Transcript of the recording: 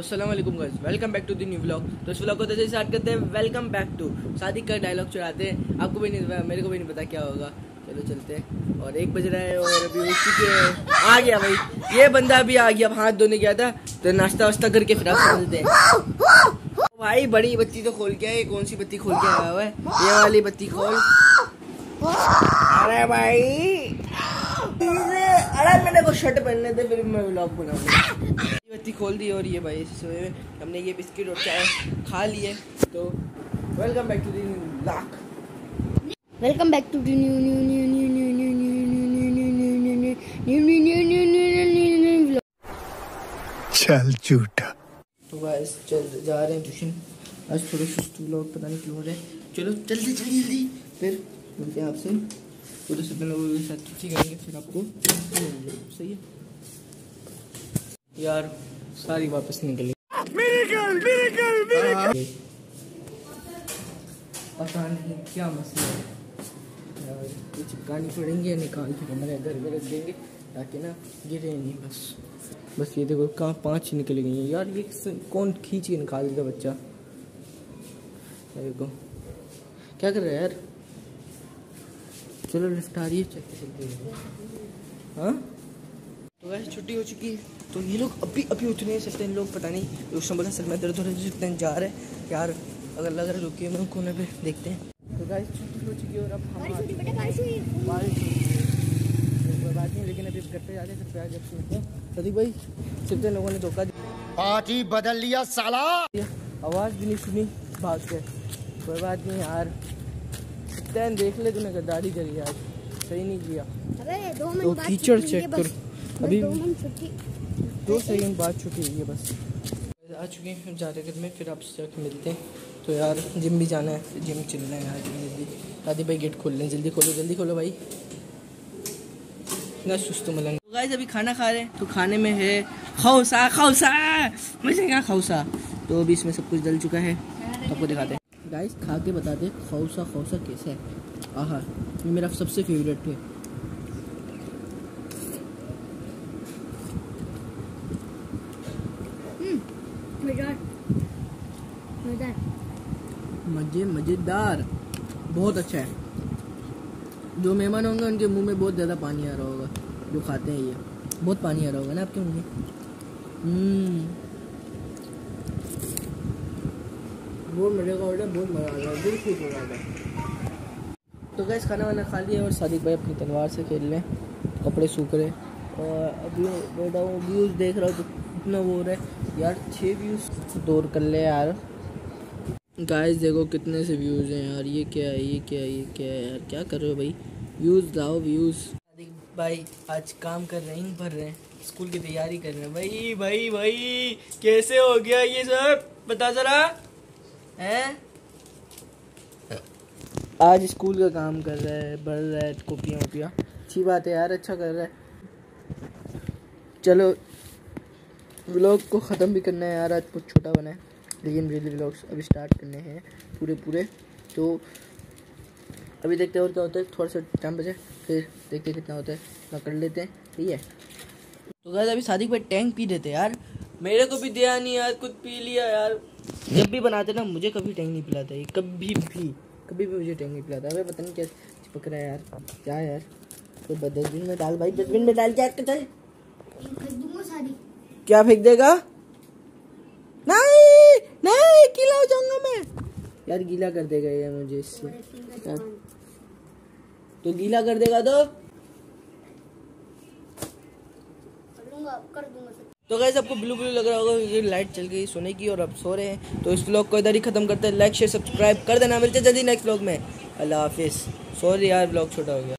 तो Aslam guys welcome back to the new vlog तो इस व्लॉग को तो जैसे स्टार्ट करते हैं वेलकम बैक टू शादी का डायलॉग चढ़ाते हैं आपको भी नहीं मेरे को भी नहीं पता क्या होगा चलो चलते हैं और एक बज रहा है और अभी उठ चुके हैं आ गया भाई ये बंदा अभी आ गया हाथ धोने गया था हाँ. तो नाश्ता वास्ता करके फिर आप चलते हैं भाई बड़ी बत्ती तो खोल के आए कौन सी बत्ती खोल के आया हुआ है ये वाली बत्ती खोल अरे भाई को शर्ट पहनने थे फिर मैं ब्लॉग बनाऊंगा बत्ती खोल दी और ये भाई सुबह हमने ये बिस्किट और चाय खा लिए तो वेलकम बैक टू दिन लाख वेलकम बैक टू दिन new new new new new new new new new new new new new new चल तो चल जा रहे हैं आज थोड़े पता नहीं क्यों हो रहे चलो जल्दी जल्दी फिर मिलते हैं आपसे पूरे तो सत्रह लोगों साथ ठीक आएंगे फिर आपको सही है यार सारी वापस निकली मिरेकल, मिरेकल, मिरेकल। पता नहीं क्या मसला है ये चिपकानी पड़ेंगे निकाल के कमरे घर में रख देंगे ताकि ना गिरे नहीं बस बस ये देखो कहाँ पाँच निकल गई हैं यार ये कौन खींच के निकाल देगा बच्चा देखो क्या कर रहा है यार चलो लिफ्ट आ रही है चलते हाँ तो वैसे छुट्टी हो चुकी है तो ये लोग अभी अभी उठ नहीं सकते इन लोग पता नहीं उसने बोला सर मैं दर्द हो रहा है जितने जा रहे हैं यार अगर लग रहा रुकी है मैं कोने पे देखते हैं तो गाइस छुट्टी हो चुकी है और अब हम बारिश बात नहीं लेकिन अभी घर पे जाते हैं प्याज जब सुनते हैं सदी भाई सिर्फ लोगों ने धोखा दिया पार्टी बदल लिया साला आवाज़ भी नहीं सुनी भाग के कोई बात नहीं यार तैन देख ले तूने गद्दारी करी आज सही नहीं किया अरे दो मिनट तो बाद टीचर चेक कर अभी दो सेकंड बाद छुट्टी हुई है बस आ चुके हैं जा रहे घर में फिर आप जाके मिलते हैं तो यार जिम भी जाना है जिम चलना है यार जल्दी दादी भाई गेट खोल लें जल्दी खोलो जल्दी खोलो भाई इतना सुस्त मलंग गाइस तो अभी खाना खा रहे हैं तो खाने में है खौसा खौसा मुझे क्या खौसा तो अभी इसमें सब कुछ डल चुका है आपको दिखाते हैं गाइस खा के बता दें खौसा खौसा कैसा है आहा ये मेरा सबसे फेवरेट है हम्म, मज़े मज़ेदार बहुत अच्छा है जो मेहमान होंगे उनके मुंह में बहुत ज़्यादा पानी आ रहा होगा जो खाते हैं ये बहुत पानी आ रहा होगा ना आपके मुंह में हम्म। बहुत मज़े का ऑर्डर बहुत मज़ा आ रहा है बहुत मज़ा आ रहा है तो गैस खाना वाना खा लिया और सादिक भाई अपनी तलवार से खेल रहे हैं कपड़े सूख रहे और अभी बेटा वो व्यूज़ देख रहा हूँ तो कितना वो रहा है यार छः व्यूज़ दौर कर ले यार गाइस देखो कितने से व्यूज़ हैं यार ये क्या है ये क्या है ये क्या है यार क्या कर रहे हो भाई व्यूज़ लाओ व्यूज़ भाई आज काम कर रहे हैं भर रहे हैं स्कूल की तैयारी कर रहे हैं भाई भाई भाई कैसे हो गया ये सब बता जरा आज स्कूल का काम कर रहा है बढ़ रहा है कॉपियाँ वोपियाँ अच्छी बात है यार अच्छा कर रहा है चलो व्लॉग को ख़त्म भी करना है यार आज कुछ छोटा बना है लेकिन रियल व्लॉग्स अभी स्टार्ट करने हैं पूरे पूरे तो अभी देखते हैं और क्या होता है थोड़ा सा टाइम बचे फिर देखते कितना होता है ना कर लेते हैं ठीक है तो गैस अभी शादी के बाद टैंक पी देते यार मेरे को भी दिया नहीं यार कुछ पी लिया यार जब भी बनाते ना मुझे कभी टैंग नहीं पिलाता ये कभी भी कभी भी मुझे टैंग नहीं पिलाता अरे पता नहीं क्या चिपक रहा है यार क्या यार तो डस्टबिन में डाल भाई डस्टबिन में डाल क्या चल क्या फेंक देगा नहीं नहीं गीला हो जाऊंगा मैं यार गीला कर देगा ये मुझे इससे तो गीला कर देगा तो तो गैस आपको ब्लू ब्लू लग रहा होगा क्योंकि लाइट चल गई सोने की और अब सो रहे हैं तो इस ब्लॉग को इधर ही खत्म करते हैं लाइक शेयर सब्सक्राइब कर देना मिलते जल्दी नेक्स्ट ब्लॉग में अल्लाह हाफिज़ सॉरी यार ब्लॉग छोटा हो गया